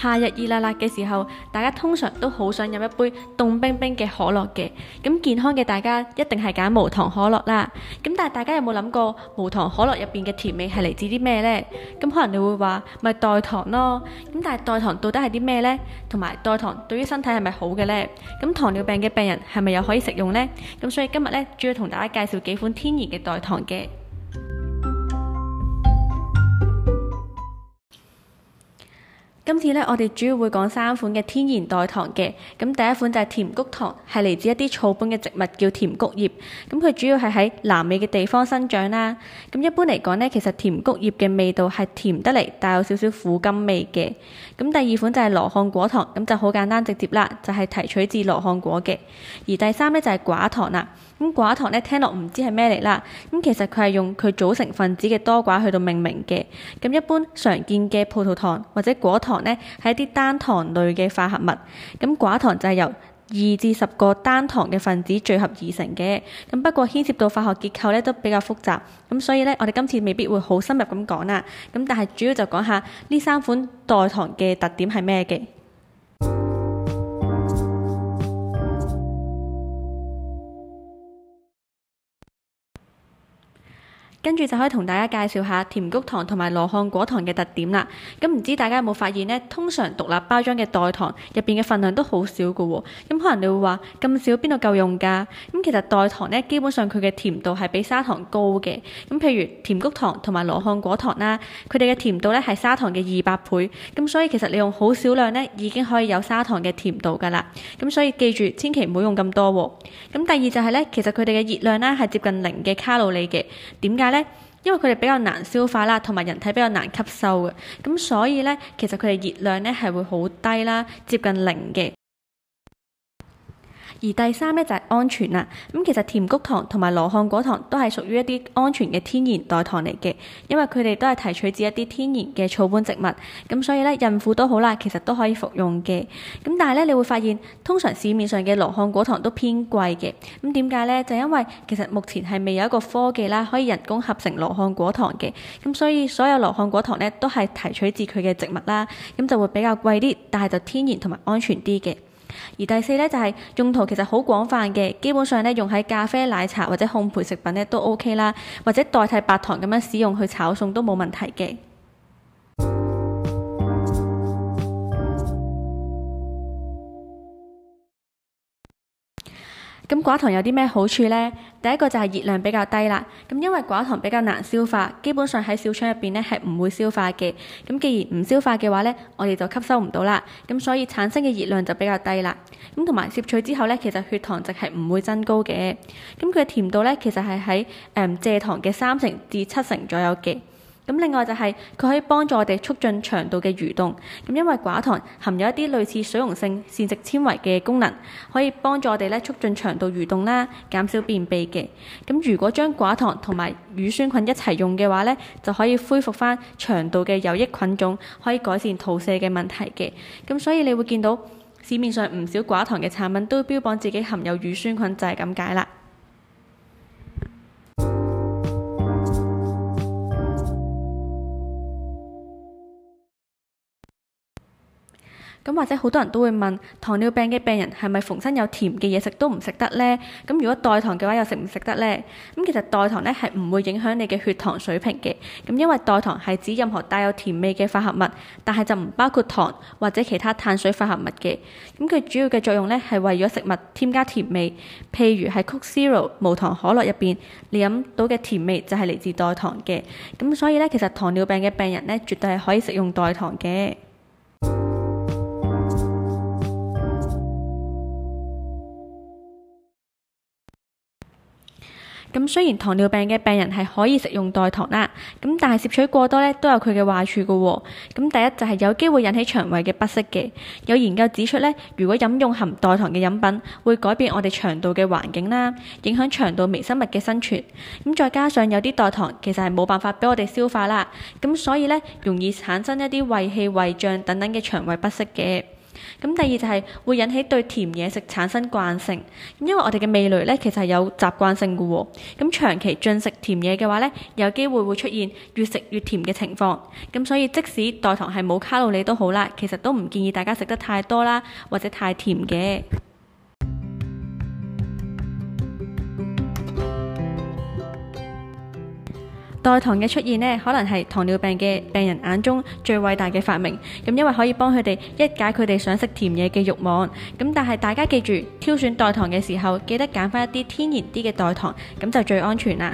夏日熱辣辣嘅時候，大家通常都好想飲一杯凍冰冰嘅可樂嘅。咁健康嘅大家一定係揀無糖可樂啦。咁但係大家有冇諗過無糖可樂入邊嘅甜味係嚟自啲咩呢？咁可能你會話咪代糖咯。咁但係代糖到底係啲咩呢？同埋代糖對於身體係咪好嘅呢？咁糖尿病嘅病人係咪又可以食用呢？咁所以今日呢，主要同大家介紹幾款天然嘅代糖嘅。今次咧，我哋主要會講三款嘅天然代糖嘅。咁第一款就係甜菊糖，係嚟自一啲草本嘅植物叫甜菊葉。咁佢主要係喺南美嘅地方生長啦。咁一般嚟講呢，其實甜菊葉嘅味道係甜得嚟，帶有少少苦甘味嘅。咁第二款就係羅漢果糖，咁就好簡單直接啦，就係提取自羅漢果嘅。而第三呢，就係寡糖啦。咁寡糖咧聽落唔知係咩嚟啦，咁其實佢係用佢組成分子嘅多寡去到命名嘅。咁一般常見嘅葡萄糖或者果糖呢，係一啲單糖類嘅化合物，咁寡糖就係由二至十個單糖嘅分子聚合而成嘅。咁不過牽涉到化學結構呢，都比較複雜，咁所以呢，我哋今次未必會好深入咁講啦。咁但係主要就講下呢三款代糖嘅特點係咩嘅。跟住就可以同大家介紹下甜菊糖同埋羅漢果糖嘅特點啦。咁唔知大家有冇發現呢？通常獨立包裝嘅代糖入邊嘅份量都好少㗎喎。咁可能你會話咁少邊度夠用㗎？咁其實代糖呢，基本上佢嘅甜度係比砂糖高嘅。咁譬如甜菊糖同埋羅漢果糖啦，佢哋嘅甜度呢，係砂糖嘅二百倍。咁所以其實你用好少量呢，已經可以有砂糖嘅甜度㗎啦。咁所以記住，千祈唔好用咁多喎。咁第二就係呢，其實佢哋嘅熱量呢，係接近零嘅卡路里嘅。點解呢？因為佢哋比較難消化啦，同埋人體比較難吸收嘅，咁所以咧，其實佢哋熱量咧係會好低啦，接近零嘅。而第三咧就係安全啦。咁其實甜菊糖同埋羅漢果糖都係屬於一啲安全嘅天然代糖嚟嘅，因為佢哋都係提取自一啲天然嘅草本植物。咁所以咧，孕婦都好啦，其實都可以服用嘅。咁但係咧，你會發現通常市面上嘅羅漢果糖都偏貴嘅。咁點解咧？就因為其實目前係未有一個科技啦，可以人工合成羅漢果糖嘅。咁所以所有羅漢果糖咧都係提取自佢嘅植物啦，咁就會比較貴啲，但係就天然同埋安全啲嘅。而第四咧就係用途其實好廣泛嘅，基本上咧用喺咖啡、奶茶或者烘焙食品咧都 OK 啦，或者代替白糖咁樣使用去炒餸都冇問題嘅。咁寡糖有啲咩好處呢？第一個就係熱量比較低啦。咁因為寡糖比較難消化，基本上喺小腸入邊呢係唔會消化嘅。咁既然唔消化嘅話呢，我哋就吸收唔到啦。咁所以產生嘅熱量就比較低啦。咁同埋攝取之後呢，其實血糖值係唔會增高嘅。咁佢嘅甜度呢，其實係喺誒蔗糖嘅三成至七成左右嘅。咁另外就係，佢可以幫助我哋促進腸道嘅蠕動。咁因為寡糖含有一啲類似水溶性膳食纖維嘅功能，可以幫助我哋咧促進腸道蠕動啦，減少便秘嘅。咁如果將寡糖同埋乳酸菌一齊用嘅話咧，就可以恢復翻腸道嘅有益菌種，可以改善肚瀉嘅問題嘅。咁所以你會見到市面上唔少寡糖嘅產品都標榜自己含有乳酸菌，就係咁解啦。咁或者好多人都會問糖尿病嘅病人係咪逢身有甜嘅嘢食都唔食得呢？咁如果代糖嘅話又食唔食得呢？咁其實代糖咧係唔會影響你嘅血糖水平嘅。咁因為代糖係指任何帶有甜味嘅化合物，但係就唔包括糖或者其他碳水化合物嘅。咁佢主要嘅作用咧係為咗食物添加甜味，譬如係 Coke Zero 無糖可樂入邊，你飲到嘅甜味就係嚟自代糖嘅。咁所以咧，其實糖尿病嘅病人咧絕對係可以食用代糖嘅。咁雖然糖尿病嘅病人係可以食用代糖啦，咁但係攝取過多咧，都有佢嘅壞處嘅喎。咁第一就係有機會引起腸胃嘅不適嘅。有研究指出咧，如果飲用含代糖嘅飲品，會改變我哋腸道嘅環境啦，影響腸道微生物嘅生存。咁再加上有啲代糖其實係冇辦法俾我哋消化啦，咁所以咧容易產生一啲胃氣、胃脹等等嘅腸胃不適嘅。咁第二就係會引起對甜嘢食產生慣性，因為我哋嘅味蕾咧其實係有習慣性嘅喎，咁長期進食甜嘢嘅話咧，有機會會出現越食越甜嘅情況，咁所以即使代糖係冇卡路里都好啦，其實都唔建議大家食得太多啦，或者太甜嘅。代糖嘅出現咧，可能係糖尿病嘅病人眼中最偉大嘅發明，咁因為可以幫佢哋一解佢哋想食甜嘢嘅慾望，咁但係大家記住，挑選代糖嘅時候，記得揀返一啲天然啲嘅代糖，咁就最安全啦。